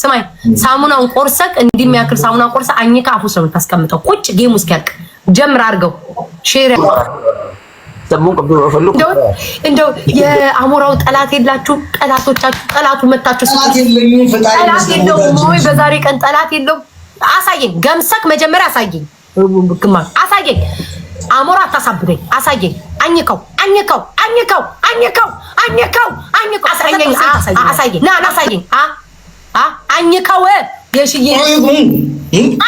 ስማይ ሳሙናውን ቆርሰቅ እንዲሚያክል ሳሙና ቆርሰ አኝካ አፉ ሰው ታስቀምጠው ቁጭ ጌሙ እስኪያልቅ ጀምር አድርገው ሼር እንደው የአሞራው ጠላት የላችሁ ጠላቶቻችሁ ጠላቱ መታችሁ ጠላት የለውም ወይ በዛሬ ቀን ጠላት የለውም አሳየኝ ገምሰክ መጀመሪያ አሳየኝ ግማሽ አሳየኝ አሞራ አታሳብደኝ አሳየኝ አኝከው አኝከው አኝከው አኝከው አኝከው አኝከው አሳየኝ አሳየኝ ና አሳየኝ አኝከው የሽዬ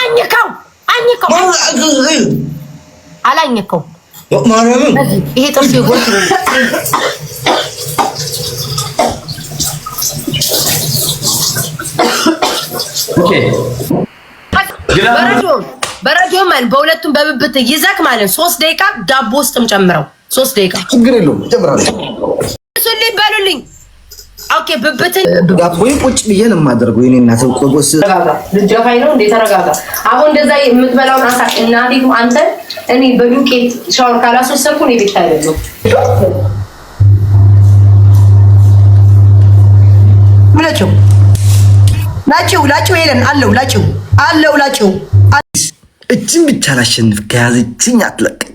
አኝከው አኝከው አላኝከው ይሄ ጥርሱ ይጎት በረዲዮ ማለት በሁለቱም በብብት ይዘክ ማለት ሶስት ደቂቃ ዳቦ ውስጥም ጨምረው ሶስት ደቂቃ ችግር የለውም። ይጨምራል። እሱን በሉልኝ ኦኬ ብብትን ብጋት ወይ ቁጭ ብዬ ነው የማደርገው። የኔ እናት ቆቆስ ልትገፋኝ ነው እንዴ? ተረጋጋ። አሁን እንደዛ የምትበላውን አሳ እናቴቱ አንተ እኔ በዱቄት ሻወር ካላስወሰድኩ እኔ ቤት አይደለም። ምላጭው ላጭው ላጭው ሄለን አለው ላጭው አለው ላጭው እችን ብቻ ላሸንፍ ከያዘችኝ አትለቀኝ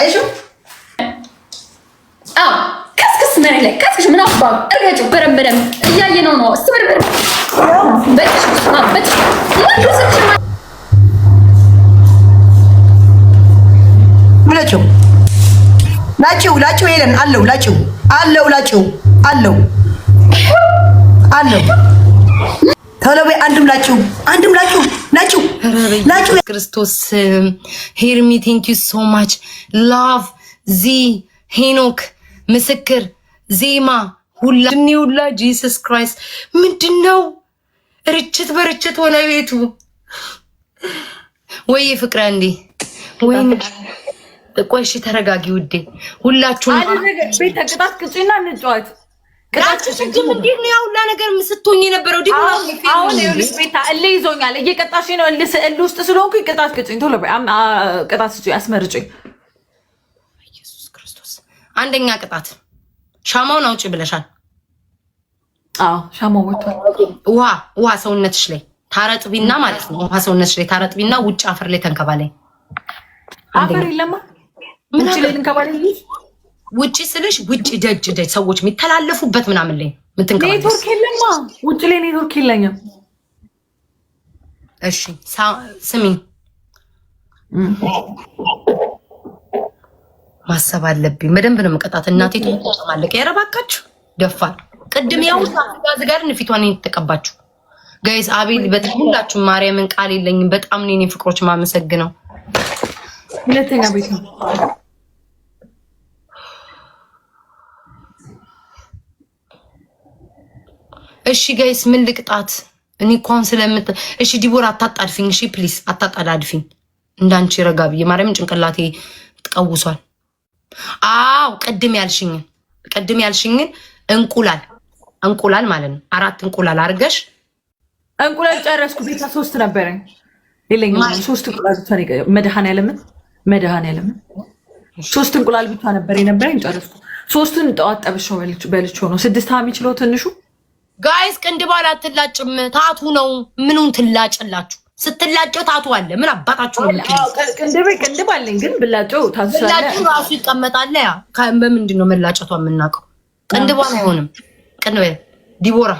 አይሽው አዎ ከስክስ መሬት ላይ ከስክሽ ምን አባ እርገጭው በደንብ በደንብ እያየ ነው ነው ስትብርብር በጭ በጭ ይወድስች ላጭው ላጭው የለን አለው ላጭው አለው ላጭው አለው አለው ተለቤ አንድም ላችሁ አንድም ላችሁ ላችሁ ላችሁ ክርስቶስ ሄርሚ ቴንክ ዩ ሶ ማች ላቭ ዚ ሄኖክ ምስክር ዜማ ሁላ ድኒ ሁላ ጂሰስ ክራይስት ምንድን ነው? ርችት በርችት ሆነ ቤቱ ወይ ፍቅረ እንዴ ወይ ቆይሽ ተረጋጊ ውዴ ሁላችሁ ቤት ተቅጣት ቅጪና እንጫወት ግራጭ ሽግም እንዴት ነው ያሁላ ነገር ስትሆኝ የነበረው? ዲሞ አሁን ቤታ እልህ ይዞኛል። እየቀጣሽ ነው። እልህ ውስጥ ስለሆንኩ ቅጣት ቅጭኝ፣ ቶሎ ቅጣት ስጪኝ፣ አስመርጭኝ። ኢየሱስ ክርስቶስ አንደኛ ቅጣት ሻማውን አውጭ ብለሻል። አዎ ሻማው ወጥቷል። ውሃ ውሃ ሰውነትሽ ላይ ታረጥቢና ማለት ነው። ውሃ ሰውነትሽ ላይ ታረጥቢና ውጭ አፈር ላይ ተንከባለይ። አፈር የለማ ምን ውጭ ስልሽ ውጭ ደጅ ደጅ ሰዎች የሚተላለፉበት ምናምን ላይ ኔትወርክ የለማ ውጭ ላይ ኔትወርክ የለኝም። እሺ ስሚ፣ ማሰብ አለብኝ በደንብ ነው መቀጣት። እናቴ ተጠማለቀ። ኧረ እባካችሁ ደፋል። ቅድም ያው ጋዝ ጋር ፊቷን የተቀባችሁ ጋይስ አቤል በጣም ሁላችሁም ማርያምን ቃል የለኝም። በጣም ነው የኔ ፍቅሮች ማመሰግነው። ሁለተኛ ቤት ነው እሺ ጋይስ ምን ልቅጣት? እኔ እንኳን ስለምት እሺ ዲቦር አታጣድፊኝ። እሺ ፕሊስ አታጣዳድፊኝ። እንዳንቺ ረጋ ብዬ ማርያምን ጭንቅላቴ ትቀውሷል። አው ቅድም ያልሽኝን ቅድም ያልሽኝን እንቁላል እንቁላል ማለት ነው። አራት እንቁላል አርገሽ እንቁላል ጨረስኩ። ቤታ ሶስት ነበረኝ ሌለኝ ሶስት እንቁላል ብቻ መድኃኔዓለምን መድኃኔዓለምን ሶስት እንቁላል ብቻ ነበር የነበረኝ። ጨረስኩ። ሶስቱን ጠዋት ጠብሼው በልቼ ነው ስድስት ሀሚ ትንሹ ጋይስ ቅንድባል አትላጭም፣ ታቱ ነው። ምኑን ትላጭላችሁ? ስትላጨው ታቱ አለ። ምን አባታችሁ ነው? ቅንድብ ቅንድብ ግን ብላጨው ታቱ ራሱ ይቀመጣል። ያ በምንድን ነው መላጨቷ የምናውቀው? ቅንድቧን አይሆንም። ቅንብ ዲቦራ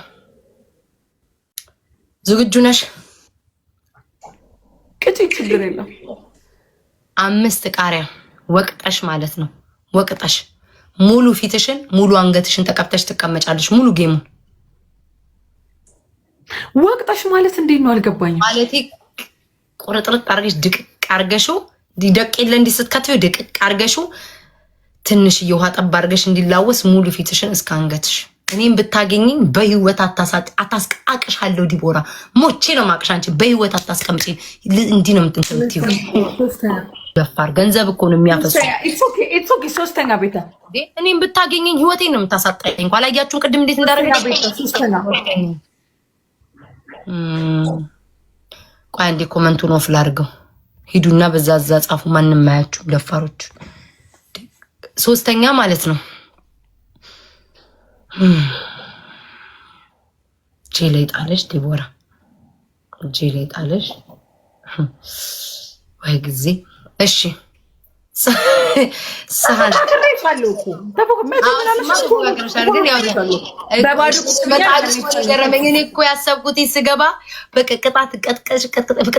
ዝግጁ ነሽ? ቅጭ ችግር የለም። አምስት ቃሪያ ወቅጠሽ ማለት ነው። ወቅጠሽ ሙሉ ፊትሽን ሙሉ አንገትሽን ተቀብተሽ ትቀመጫለሽ ሙሉ ጌሙን ወቅጠሽ ማለት እንዴት ነው አልገባኝም። ማለት ቁርጥርጥ አርገሽ ድቅቅ አርገሽ ደቅ የለ እንዲህ ስትከትዩ ድቅቅ አርገሹ ትንሽዬ ውሃ ጠብ አርገሽ እንዲላወስ ሙሉ ፊትሽን እስከ አንገትሽ። እኔም ብታገኘኝ በህይወት አለው። ዲቦራ ሞቼ ነው ማቅሽ። አንቺ በህይወት አታስቀምጪ። እንዲህ ነው ምትንትምት ደፋር ገንዘብ እኮ ነው የሚያፈሱ። ሶስተኛ ቤታ እኔም ብታገኘኝ ህይወቴን ነው የምታሳጣኝ። አላያችሁን ቅድም እንዴት እንዳረገ ቆይ አንዴ ኮመንቱን ኦፍ ላድርገው። ሂዱና በዛ ዛ ጻፉ። ማንም አያችሁም ደፋሮች። ሶስተኛ ማለት ነው እጄ ላይ ጣለሽ ዲቦራ፣ እጄ ላይ ጣለሽ ወይ ጊዜ። እሺ ገረመኝ። እኮ ያሰብኩት ስገባ በቃ ቅጣት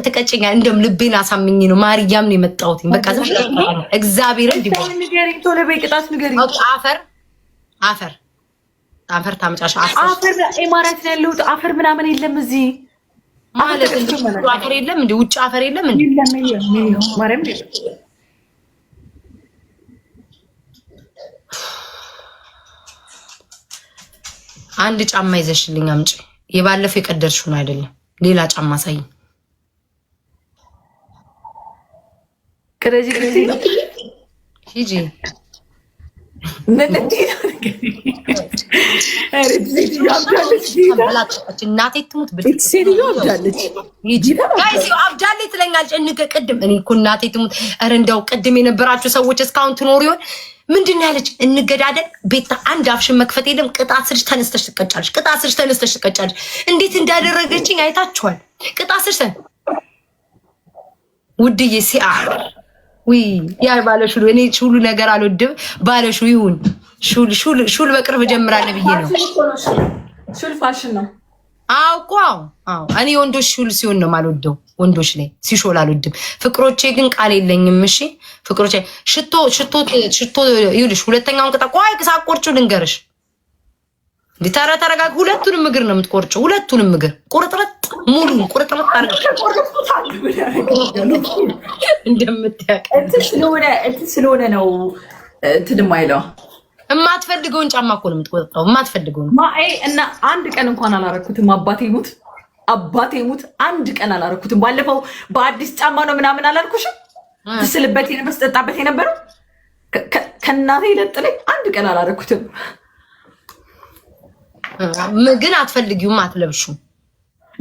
ትቀጭኛ እንደም ልቤን አሳምኝ ነው። ማርያም ነው የመጣሁት። በቃ እግዚአብሔር አፈር አፈር አፈር ታመጫሽ አፈር ኢማራት ነው ያለሁት። አፈር ምናምን የለም እዚህ ማለት አፈር የለም እንደ ውጭ አፈር የለም እንደ አንድ ጫማ ይዘሽልኝ አምጪ። የባለፈው የቀደርሽውን አይደለም፣ ሌላ ጫማ ሳይ ሂጂ እናቴ ትሙት አብዳለች ትለኛለች። ቅድም እኔ እኮ እናቴ ትሙት፣ ኧረ እንደው ቅድም የነበራችሁ ሰዎች እስካሁን ትኖሩ ይሆን? ምንድን ያለች? እንገዳደል ቤታ አንድ አፍሽን መክፈት የለም። ቅጣት ስርሽ ተነስተሽ ትቀጫለሽ። ቅጣት ስርሽ ተነስተሽ ትቀጫለሽ። እንዴት እንዳደረገችኝ አይታችኋል። ቅጣት ስርሽ ውድዬ ሲአ ዊ ያ ባለሹ እኔ ሹሉ ነገር አልወድም። ባለሹ ይሁን ሹል ሹል ሹል በቅርብ ጀምራለ ብዬ ነው። ሹል ፋሽን ነው። አውቋ አዎ፣ እኔ ወንዶች ሹል ሲሆን ነው የማልወደው። ወንዶች ላይ ሲሾል አልወድም። ፍቅሮቼ ግን ቃል የለኝም። እሺ ፍቅሮቼ፣ ሽቶ ሽቶ ሽቶ ይኸውልሽ፣ ሁለተኛውን ቅጣ ቆይ፣ ሳቆርጪው ልንገርሽ። ዲታራ ተረጋግ። ሁለቱንም እግር ነው የምትቆርጪው። ሁለቱንም እግር ቁርጥርጥ፣ ሙሉ ቁርጥርጥ አድርገሽ እንደምታውቅ እንትን ስለሆነ ነው እንትን የማይለው የማትፈልገውን ጫማ እኮ ነው የምትቆጥረው። የማትፈልገውን እና አንድ ቀን እንኳን አላረኩትም። አባቴ ሙት፣ አባቴ ሙት፣ አንድ ቀን አላረኩትም። ባለፈው በአዲስ ጫማ ነው ምናምን አላልኩሽም? ትስልበት የነበር ስጠጣበት የነበረው ከእናቴ ይለጥለኝ። አንድ ቀን አላረኩትም። ግን አትፈልጊውም፣ አትለብሹም።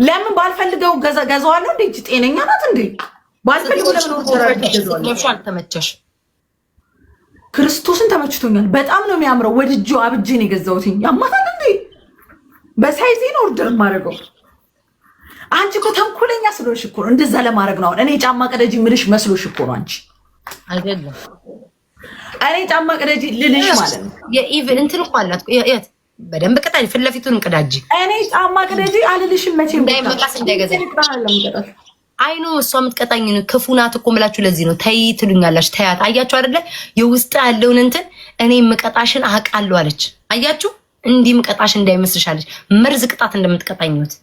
ለምን ባልፈልገው ገዛ ገዛዋለሁ። እንዴ ጤነኛ ናት እንዴ? ባልፈልገው ለምን ለብሹ አልተመቸሽ ክርስቶስን ተመችቶኛል። በጣም ነው የሚያምረው። ወድጆ አብጄን የገዛሁትኝ ያማታል እንዴ! በሳይዜ ነው ኦርደር ማድረገው። አንቺ እኮ ተንኮለኛ ስለሆንሽ እኮ ነው እንደዛ ለማድረግ ነው። አሁን እኔ ጫማ ቀደጂ ምልሽ መስሎሽ እኮ ነው አንቺ እኔ ጫማ ቀደጂ ልልሽ ማለት ነው። የኢቭን እንትን እኮ አላት የት በደንብ ቅጣኝ። ፊት ለፊቱን ቅዳጅ። እኔ ጫማ ቅደጅ አልልሽም መቼም እንዳይመጣስ እንዳይገዛ አይ እሷ የምትቀጣኝ ነው ክፉ ናት እኮ ምላችሁ። ለዚህ ነው። ተይ ትሉኛላችሁ። ተያት አያችሁ አይደለ የውስጥ ያለውን እንትን እኔ ምቀጣሽን አውቃለሁ አለች። አያችሁ እንዲህ ምቀጣሽ እንዳይመስልሻለች መርዝ ቅጣት እንደምትቀጣኝት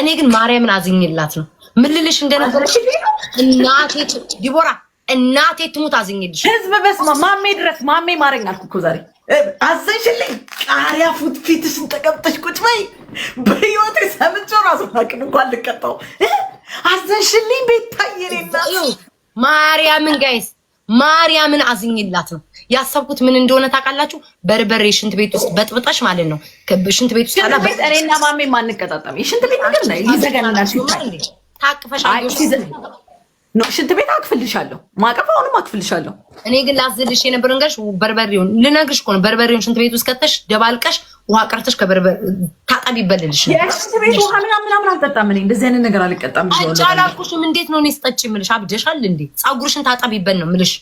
እኔ ግን ማርያምን አዝኝላት ነው ምልልሽ እንደነበረች እናቴ ዲቦራ እናቴ ትሙት አዝኝልሽ ህዝብ በስማ ማሜ ድረስ ማሜ ማረኝ አልኩ እኮ ዛሬ አዘንሽልኝ ቃሪያ ፉት ፊትሽን ተቀምጠሽ ቁጭ በይ። በህይወቴ ሰምቼው ራሱ ማቅን እንኳን ልቀጣው አዘንሽልኝ። ቤታዬ ነው ማርያምን፣ ጋይስ ማርያምን አዝኝላት ነው ያሰብኩት። ምን እንደሆነ ታውቃላችሁ? በርበሬ ሽንት ቤት ውስጥ በጥብጣሽ ማለት ነው። ሽንት ቤት ውስጥ እኔና ማሜ ማንቀጣጠም የሽንት ቤት ነገር ነው ይዘገናል። ታቅፈሽ ነው ሽንት ቤት አክፍልሻለሁ፣ ማቀፍ አሁንም አክፍልሻለሁ። እኔ ግን ላዝልሽ የነበረው ንገርሽ በርበሬውን ልነግርሽ እኮ ነው። በርበሬውን ሽንት ቤት ውስጥ ከተሽ ደባልቀሽ ውሃ ቀርተሽ ከበርበሬ ታጠቢ ይበልልሽ። የሽንት ቤት ውሃ ምናምን ምናምን አልጠጣም እኔ እንደዚህ አይነት ነገር አልቀጣም። አንቺ አላልኩሽም? እንዴት ነው እኔ ስጠጪ የምልሽ? አብደሻል እንዴ? ፀጉርሽን ታጠቢ ይበል ነው የምልሽ።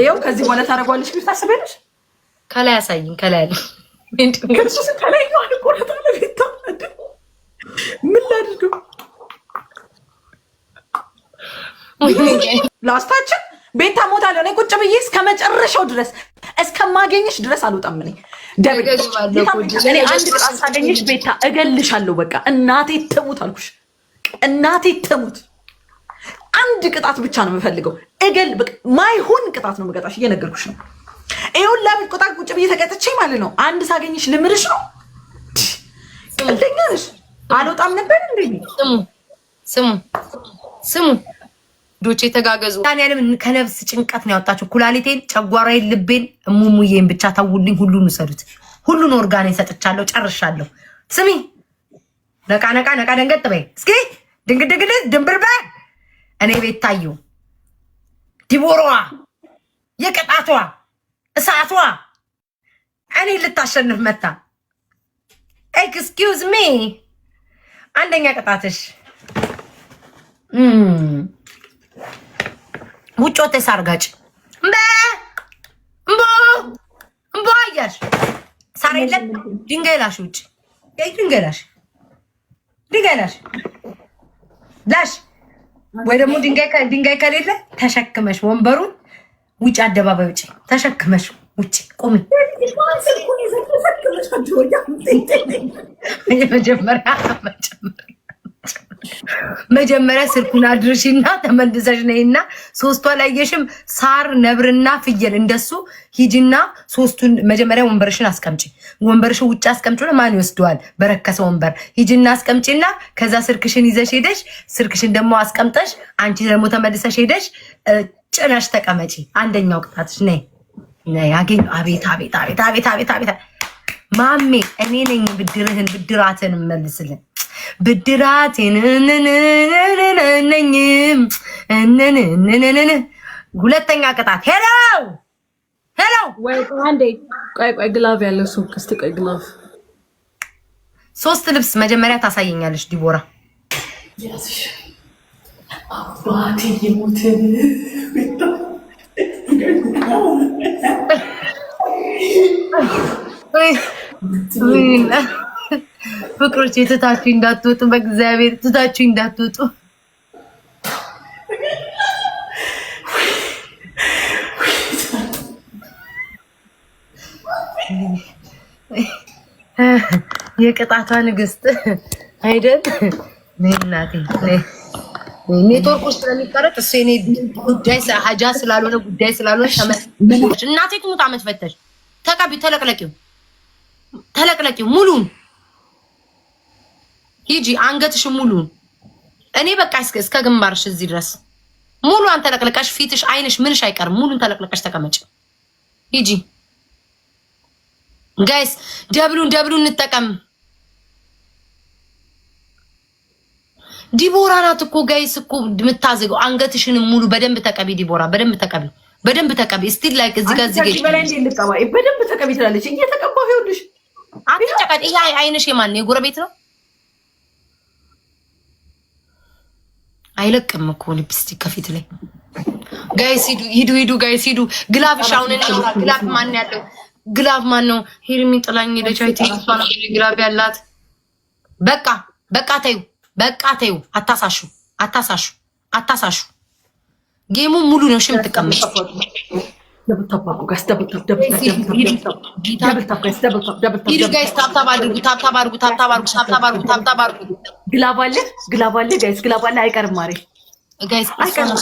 ይኸው ከዚህ በኋላ ታደርጓለሽ ብለሽ ታስቢያለሽ? ከላይ አሳይኝ። ከላይ አለ ከላይ ቁረጣ ለቤታ ምን ላድርገው ላስታችን ቤታ ሞታ ሊሆነ ቁጭ ብዬ እስከ መጨረሻው ድረስ እስከማገኝሽ ድረስ አልወጣም። እኔ ደብእኔ አንድ ቃል ሳገኝሽ ቤታ እገልሻለሁ። በቃ እናቴ ትሙት አልኩሽ፣ እናቴ ትሙት። አንድ ቅጣት ብቻ ነው የምፈልገው። እገል ማይሆን ቅጣት ነው መቀጣሽ፣ እየነገርኩሽ ነው። ይሁን ለምን ቁጣ ቁጭ ብዬ ተቀጥቼ ማለት ነው። አንድ ሳገኝሽ ልምርሽ ነው። ቀልደኛ ነሽ። አልወጣም ነበር እንደ ስሙ ስሙ ስሙ ዶች የተጋገዙ ዳንኤልም ከነፍስ ጭንቀት ነው ያወጣቸው። ኩላሊቴን፣ ጨጓራዬን፣ ልቤን፣ እሙሙዬን ብቻ ተውልኝ። ሁሉን ውሰዱት። ሁሉን ኦርጋኔ ሰጥቻለሁ። ጨርሻለሁ። ስሚ ነቃ ነቃ ነቃ ደንገጥ በይ እስኪ ድንግድግድ ድንብር በይ። እኔ ቤት ታዩ ዲቦራዋ የቅጣቷ እሳቷ እኔ ልታሸንፍ መታ። ኤክስኪውዝ ሚ አንደኛ ቅጣትሽ ውጮቴ ሳርጋጭ እምቦ እምቦ አያሽ ሳር የለም ድንጋይ ላሽ ውጭ ድንጋይ ላሽ ድንጋይ ላሽ ላሽ ወይ ደግሞ ድንጋይ ከሌለ ተሸክመሽ ወንበሩን ውጭ አደባባይ ውጭ ተሸክመሽ ውጭ ቁሚ። መጀመሪያ መጀመሪያ መጀመሪያ ስልኩን አድርሽና ተመልሰሽ ነይና፣ ሶስቱ አላየሽም? ሳር ነብርና ፍየል እንደሱ ሂጂና፣ ሶስቱን መጀመሪያ ወንበርሽን አስቀምጪ። ወንበርሽን ውጭ አስቀምጪ። ማን ይወስደዋል? በረከሰ ወንበር ሂጂና አስቀምጪና፣ ከዛ ስልክሽን ይዘሽ ሄደሽ፣ ስልክሽን ደግሞ አስቀምጠሽ፣ አንቺ ደግሞ ተመልሰሽ ሄደሽ ጭነሽ ተቀመጪ። አንደኛው ቅጣትሽ ነይ ነይ። አገኝ አቤት አቤት አቤት አቤት አቤት አቤት ማሜ፣ እኔ ነኝ ብድርህን ብድራትን መልስልን ብድራቴን ሁለተኛ ቅጣት ሄለው ሄለው። ቆይ ቆይ ግላቭ ያለው ሰው እስኪ ቆይ ግላቭ ሶስት ልብስ መጀመሪያ ታሳየኛለች ዲቦራ አባቴ ፍቅሮች ትታችሁ እንዳትወጡ፣ በእግዚአብሔር ትታችሁ እንዳትወጡ። የቅጣቷ ንግስት አይደል? እናቴ ኔትወርክ ውስጥ ስለሚቀረጥ እሱ የኔ ጉዳይ ሀጃ ስላልሆነ ጉዳይ ስላልሆነ እናቴ ትሙት አመት ፈተሽ ተቀቢ ተለቅለቂው ተለቅለቂው ሙሉን ሂጂ አንገትሽ ሙሉ እኔ በቃ እስከ እስከ ግንባርሽ እዚህ ድረስ ሙሉ አንተለቅልቀሽ ፊትሽ፣ አይንሽ፣ ምንሽ አይቀርም። ሙሉን ተለቅልቀሽ ተቀመጭ ሂጂ። ጋይስ ደብሉን ደብሉን እንጠቀም። ዲቦራ ናት እኮ ጋይስ እኮ የምታዘገው። አንገትሽን ሙሉ በደንብ ተቀቢ ዲቦራ፣ በደንብ ተቀቢ፣ በደንብ ተቀቢ። ስቲል ላይክ እዚህ ጋር እዚህ ጋር በደንብ ተቀቢ ትላለች። እየተቀባሁ ይኸውልሽ። አንቺ ተቀጥ ይሄ አይንሽ የማን ነው? የጎረቤት ነው አይለቅም እኮ ሊፕስቲክ ከፊት ላይ ጋይስ፣ ሂዱ ሂዱ ሂዱ ጋይስ ሂዱ። ግላብ ሻውን ግላብ ማን ያለው ግላብ ማን ነው? ሄርሚ ጥላኝ ሄደች። አይቲ ግላብ ያላት በቃ በቃ ተይው፣ በቃ ተይው። አታሳሹ አታሳሹ አታሳሹ። ጌሙ ሙሉ ነው ሽምት ቀመጭ ግላብ አለ፣ ጋይስ ግላብ አይቀርም ማሬ አይቀርም።